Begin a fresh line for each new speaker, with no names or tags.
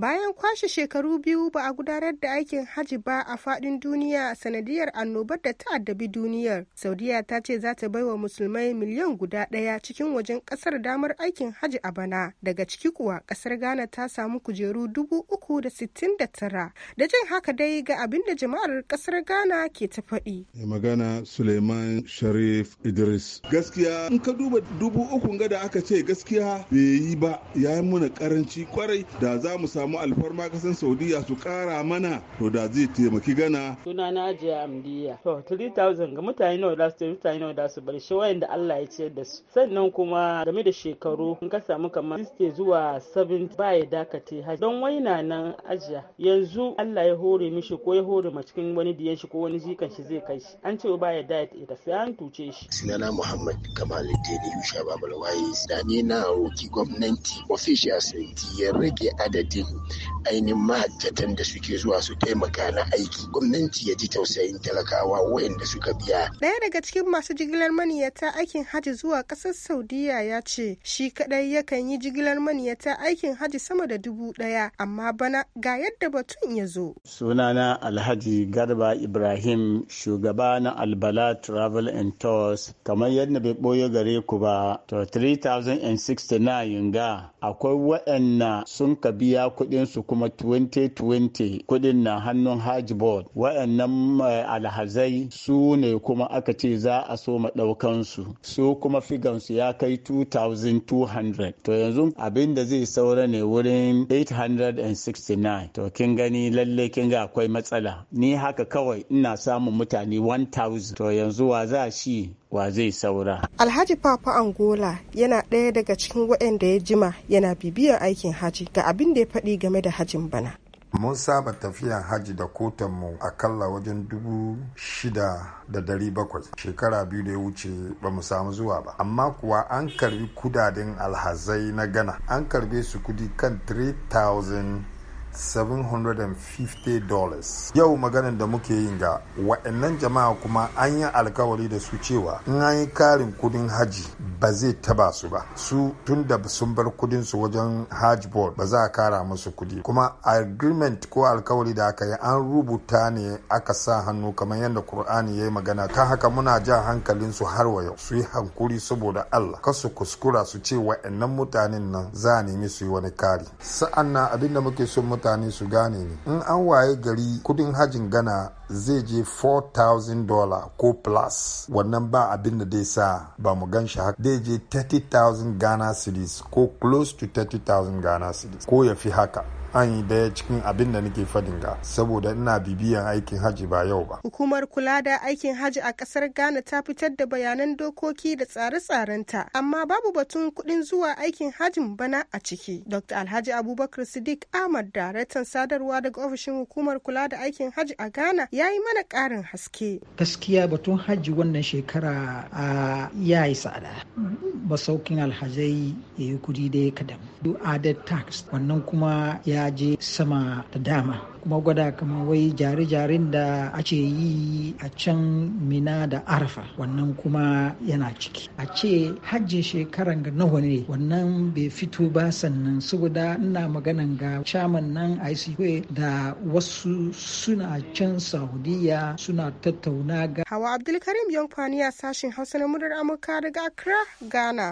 bayan kwashe shekaru biyu ba a gudanar da aikin hajji ba a fadin duniya sanadiyar annobar da ta addabi duniyar saudiya ta ce za ta baiwa musulmai miliyan guda daya cikin wajen kasar damar aikin hajji a bana daga ciki kuwa kasar ghana ta samu kujeru dubu uku da sittin da tara da jin haka dai ga abin da jama'ar kasar ghana ke ta faɗi.
magana suleiman sharif idris gaskiya in ka duba dubu uku ga da aka ce gaskiya bai yi ba ya yi mana karanci kwarai da za mu samu samu alfarma kasan saudiya su kara mana to da zai taimaki gana
suna na ajiya amdiya to 3000 ga mutane nawa da su mutane nawa da su bar shi wayanda Allah ya ce da su sannan kuma game da shekaru in ka samu kamar 60 zuwa 70 ba ya dakate Hajji. don waina nan ajiya yanzu Allah ya hore mishi ko ya hore ma cikin wani diyan shi ko wani jikan shi zai kai shi an ce ba ya diet ita sai an tuce shi sunana Muhammad Kamaluddin Yusha Babalwaye da ni na roki gwamnati sai ya rage adadin ainihin mahajjatan da suke zuwa su taimaka na aiki gwamnati ya ji tausayin talakawa wayanda suka biya.
Ɗaya daga cikin masu jigilar maniyata aikin hajji zuwa ƙasar Saudiya ya ce shi kaɗai yakan yi jigilar maniyata aikin hajji sama da dubu ɗaya amma bana ga yadda batun ya zo.
Sunana Alhaji Garba Ibrahim shugaba na Albala Travel and Tours kamar yadda bai ɓoye gare ku ba to 3069 ga akwai wayanna sun ka biya kudinsu kuma 2020 kudin na hannun Hajj Board waɗannan eh, alhazai su ne kuma aka ce za a so ɗaukan su su kuma figansu ya kai 2200 to yanzu abin da zai saura ne wurin 869 to kin gani lalle kin ga akwai matsala ni haka kawai ina samun mutane 1000 to yanzu wa za shi wa zai saura.
Alhaji Papa Angola yana ɗaya daga cikin waɗanda ya jima yana bibiyar aikin haji ga abin da ya faɗi daɗi game da hajin bana.
mun saba tafiya hajji da kotanmu akalla wajen dubu shida da dari bakwai shekara biyu da ya wuce ba mu samu zuwa ba amma kuwa an karbi kudaden alhazai na gana. an karbe su kudi kan 3000 $750 yau maganin da muke yin ga wa'annan jama'a kuma an yi alkawari da su cewa in an yi karin kudin haji ba zai taba su ba su tun da sun bar kudin su wajen hajj board ba za a kara musu kudi kuma agreement ko alkawari da aka yi an rubuta ne aka sa hannu kamar yadda kur'ani ya yi magana ta haka muna jan hankalin su har wa yau su yi hankuri saboda allah kasu su kuskura su ce wa'annan mutanen nan za a nemi su yi wani kari sa'an nan abinda muke son mutane mutane su gane ne in an waye gari kudin hajin gana zai je 4,000 dollar ko plus wannan ba abin da dai sa ba mu gan shi haka zai je 30,000 ghana cedis ko close to 30,000 ghana cedis ko ya fi haka an yi daya cikin abin da nake fadin ga saboda ina bibiyan aikin hajji ba yau ba.
Hukumar kula da aikin hajji a kasar Ghana ta fitar da bayanan dokoki da tsare tsaren ta, amma babu batun kuɗin zuwa aikin hajjin bana a ciki. Dr. Alhaji Abubakar Siddiq Ahmad daraktan sadarwa daga ofishin hukumar kula da aikin hajji a Ghana ya yi mana ƙarin haske.
Gaskiya batun haji wannan shekara a ya yi tsada. Masaukin alhazai ya yi kuɗi da ya kadam. Do added tax wannan kuma ya ya je sama da dama kuma gwada kamar wai jare-jaren da a ce yi a can mina da arfa wannan kuma yana ciki a ce hajji shekaran ga nawa ne wannan bai fito ba sannan saboda ina maganan ga shaman nan ICU da wasu suna can saudiya suna tattauna ga hawa abdulkarim yankwani a sashen hausa na murar amurka daga accra ghana